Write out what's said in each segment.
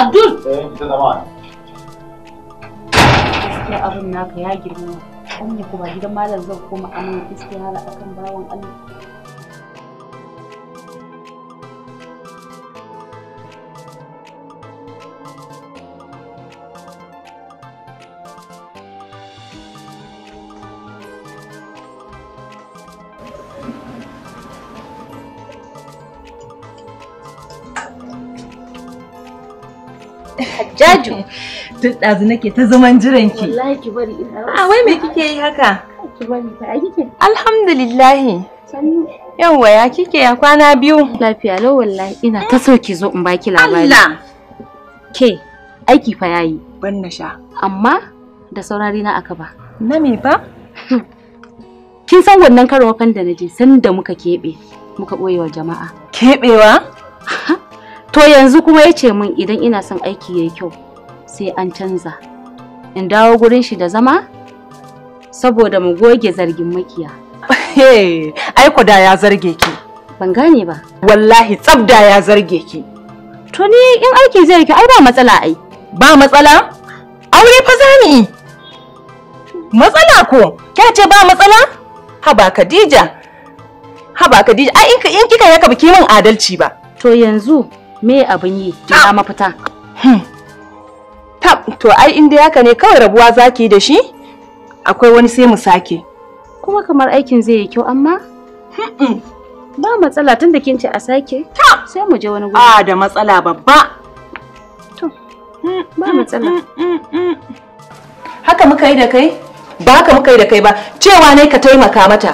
Abdul! Eh, Gaskiya abin naka ya girma. Amma kuma gidan malam zan koma amin istihara akan bawan Allah. Hajjaju. Tun ɗazu nake ta zaman jiran ki. Wallahi ki bari ina. A ah, wai me kike yi haka? Ki bari ta kike. Alhamdulillah. Yawwa ya kike ya kwana biyu. Lafiya lau wallahi ina ta so ki zo in baki labari. Allah. Ke aiki fa yayi. Ban na sha. Amma da saurari na aka ba. Na me ba? Kin san wannan karo da na je san da muka keɓe muka ɓoye wa jama'a. Keɓewa? to yanzu kuma ya ce min idan ina son aiki yayi kyau sai an canza in dawo gurin shi da zama saboda mu goge zargin makiya ai da ya zarge ki ban gane ba wallahi tsabda ya zarge ki to ni in aiki zai ki ai ba matsala ai ba matsala aure fa zani matsala ko kya ce ba matsala haba Khadija haba Khadija ai in kika yaka biki min adalci ba to yanzu me abin yi ina mafita hmm. tab to ai inda haka ne kawai rabuwa zaki da shi akwai wani sai mu sake kuma kamar aikin zai yi kyau amma ba matsala tun da kin ce a sake sai mu je wani gudu a da matsala babba to ba matsala haka muka yi da kai ba haka muka yi da kai ba cewa ne ka taimaka mata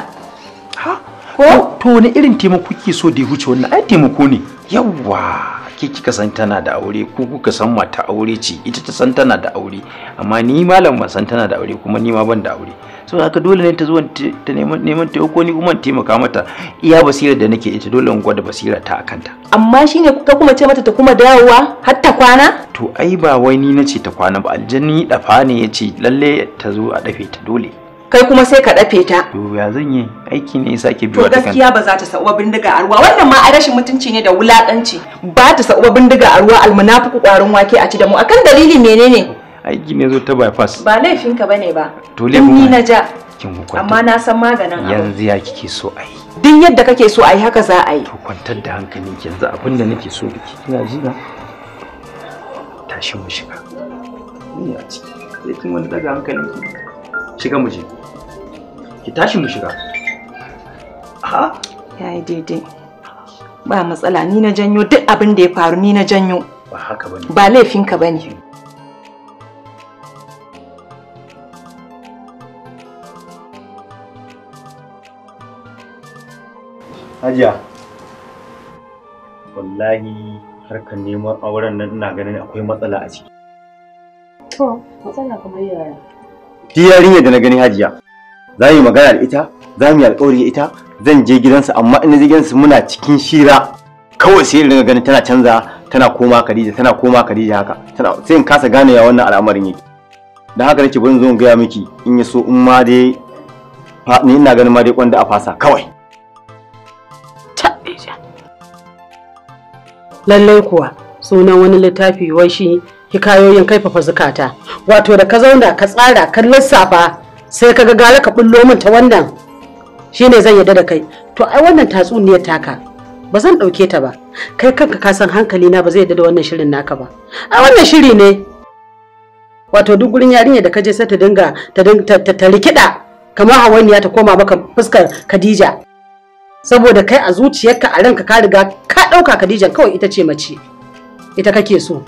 ko to wani irin taimako kike so da ya huce wannan ai taimako ne yawwa ke kika san tana da aure ko kuka san mata aure ce ita ta san tana da aure amma ni malam ban san tana da aure kuma ni ma ban da aure saboda haka dole ne ta zo ta neman taimako ni kuma taimaka mata iya basirar da nake ita dole in gwada basira ta ta amma shine ka kuma ce mata ta kuma dawowa har ta kwana to ai ba wai ni nace ta kwana ba aljanni dafa ne yace lalle ta zo a dafe ta dole kai kuma sai ka dafe ta to ya zan yi aiki ne yasa ke biyo to gaskiya ba za ta sa'uwa bindiga a ruwa wannan ma a rashin mutunci ne da wulakanci ba ta sa'uwa bindiga a ruwa almunafiku kwarin wake a ci da mu akan dalili menene aiki ne zo ta bypass ba laifin ka bane ba to laifin ni na ja amma na san maganin yanzu ya kike so a yi duk yadda kake so a yi haka za a yi to kwantar da hankalin yanzu abin da nake so da kina ji na tashi mu shiga ni a ciki kin wani daga hankalin ki shiga mu je ki tashi mu shiga ha yi daidai ba matsala ni na janyo duk abin da ya faru ni na janyo ba haka bane ba laifinka bane Hajiya wallahi harkar neman auren nan ina ganin akwai matsala a ciki to matsala kamar yaya duk yarinyar da na gani hajiya za mu magana da ita za mu yi alƙawari ita zan je gidansa amma in je gidansa muna cikin shira kawai sai in ganin tana canza tana koma Khadija tana koma Khadija haka tana sai in kasa gane ya wannan al'amarin yake dan haka nake bari zo in gaya miki in ya so in ma dai ni ina ganin ma dai kwanda a fasa kawai lallai kuwa sunan wani littafi wai shi hikayoyin kaifafa zukata wato da ka zauna ka tsara ka lissafa sai ka ga gara ka bullo min ta wannan shine zan yadda da kai to ai wannan tatsuniyar taka ba zan dauke ta ba kai kanka ka san hankali na ba zai yadda da wannan shirin naka ba a wannan shiri ne wato duk gurin yarinya da ka je sai ta dinga ta rikida kamar hawaniya ta koma maka fuskar Khadija saboda kai a zuciyarka a ranka ka riga ka ɗauka Khadija kawai ita ce mace ita kake so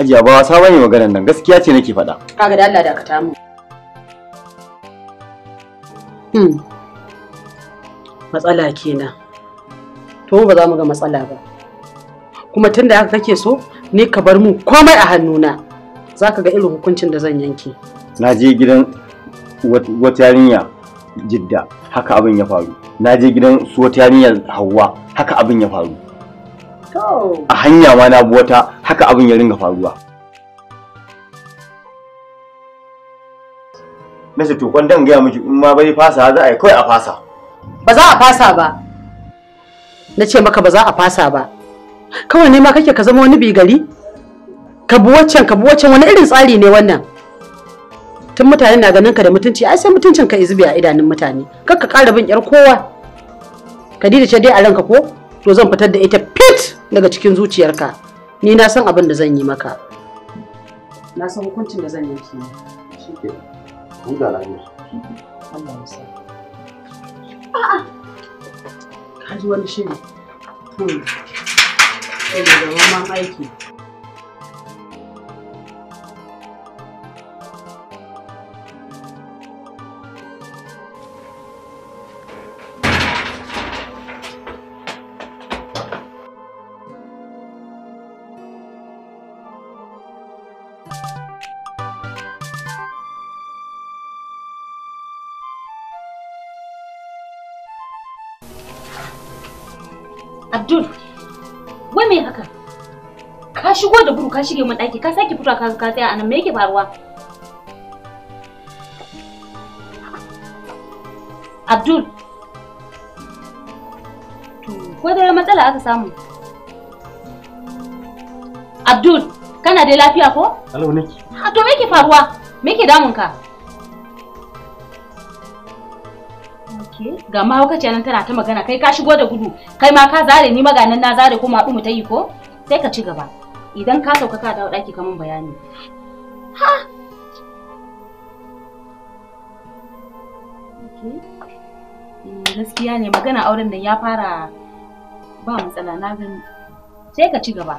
Ajiya ba wasa bane maganar nan gaskiya ce nake faɗa. Kaga da Allah dakata mu. Hmm. Matsala kenan. To ba za mu ga matsala ba. Kuma tunda haka kake so ne ka bar mu komai a hannuna. Za ka ga irin hukuncin da zan yanke. Na je gidan wata yarinya jidda haka abin ya faru. Na je gidan su wata yarinya Hauwa haka abin ya faru. a hanya ma na wata haka abin ya ringa faruwa na Tukon to dan gaya miki in ma bai fasa za a yi kawai a fasa ba za a fasa ba na ce maka ba za a fasa ba kawai ne ma kake ka zama wani bigari ka bi waccan ka bi waccan wani irin tsari ne wannan tun mutane na ganin ka da mutunci ai sai mutuncin ka izubi a idanun mutane kar ka ƙara bin yar kowa Khadija ce dai a ranka ko to zan fitar da ita fit daga cikin zuciyarka ni na san abin da zan yi maka na san hukuncin da zan yi ki shi ke a'a ka ji wani shiri to hmm. Abdul, wai me haka? Ka shigo da gudu ka shige mun ɗaki ka sake fitowa ka ka tsaya anan me yake faruwa? Abdul, to ko da matsala aka samu? Abdul, kana da lafiya ko? Alo nake. Ha to me yake faruwa? Me yake damunka? ka? ga mahaukaciya nan tana ta magana kai ka shigo da gudu kai ma ka zare ni maganin na zare ko maɗu mu ta yi ko sai ka ci gaba idan ka sauka ka dawo ɗaki kaman bayani ha eh, gaskiya ne magana auren nan ya fara ba matsala na gani sai ka ci gaba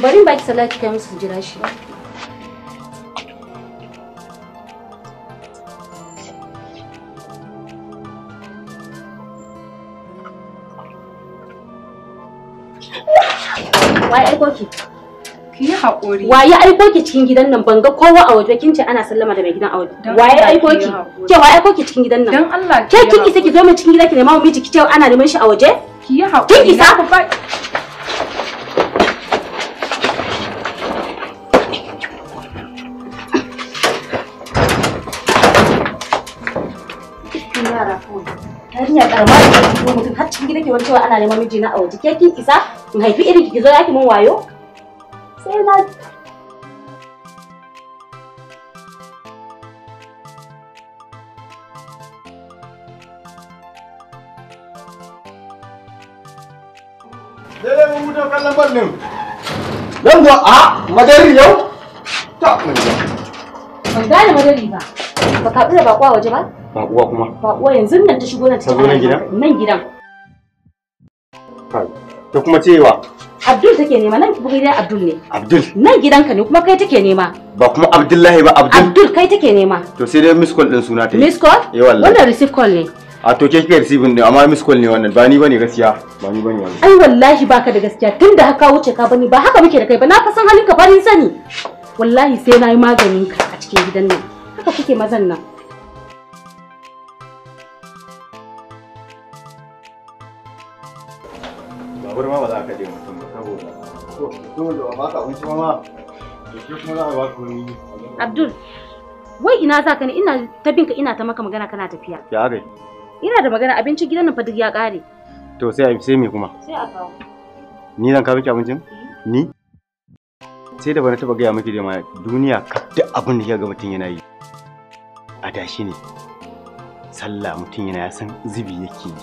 bari baki salati kai musu jira shi Wai aiko ki? Ki yi haƙuri. Wai aiko ki cikin gidan nan banga kowa a waje kin ce ana sallama da mai gidan a waje. Waye aiko Ke wai aiko ki cikin gidan nan? Dan Allah. Ke kin isa ki zo mai cikin gidan ki nema miji ki ce ana neman shi a waje? Ki yi haƙuri. Ki isa? ku yarinya karama da ta cikin mutum har cikin gida ke wani cewa ana neman miji na waje ke kin isa in haifi irin ki zo ya ki mun wayo sai na Dele mun mutu kallon bal din. Nan go a madari yau? Ta mun. Ban gane madari ba. Ba ka tsira ba kwa waje ba? ba uwa kuma ba uwa yanzu nan ta shigo na cikin nan gidan nan gidan ta kuma wa. Abdul take nema nan kuma gidan Abdul ne Abdul nan gidanka ne kuma kai take nema ba kuma Abdullahi ba Abdul Abdul kai take nema to sai dai miss call din suna ta miss call eh wallahi wannan receive call ne a to ke kike receiving din amma miss call ne wannan ba ni bane gaskiya ba ni bane wannan ai wallahi baka da gaskiya tunda haka wuce ka bani ba haka muke da kai ba na fa san halin ka farin sani wallahi sai na maganin ka a cikin gidan nan haka kuke mazan nan tabarma ba za ka je mutum ba saboda to da ba ka abinci ma ma ke kuma za a ba ku ni Abdul wai ina za ka ne ina ta binka ina ta maka magana kana tafiya ya gai ina da magana abincin gidan nan fa duk ya kare to sai sai me kuma sai a kawo ni zan kawo miki abincin eh. ni sai da bana taba gaya miki da ma duniya duk abin da ga mutum yana yi a dashi ne sallah mutum yana ya san zubi yake yi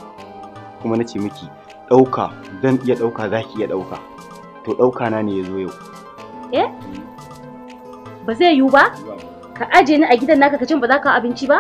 kuma na ce miki ɗauka zan iya ɗauka za ki iya ɗauka to ɗauka na ne ya zo yau eh ba zai yiwu ba ka aje ni a gidan naka ka cin ba za ka abinci ba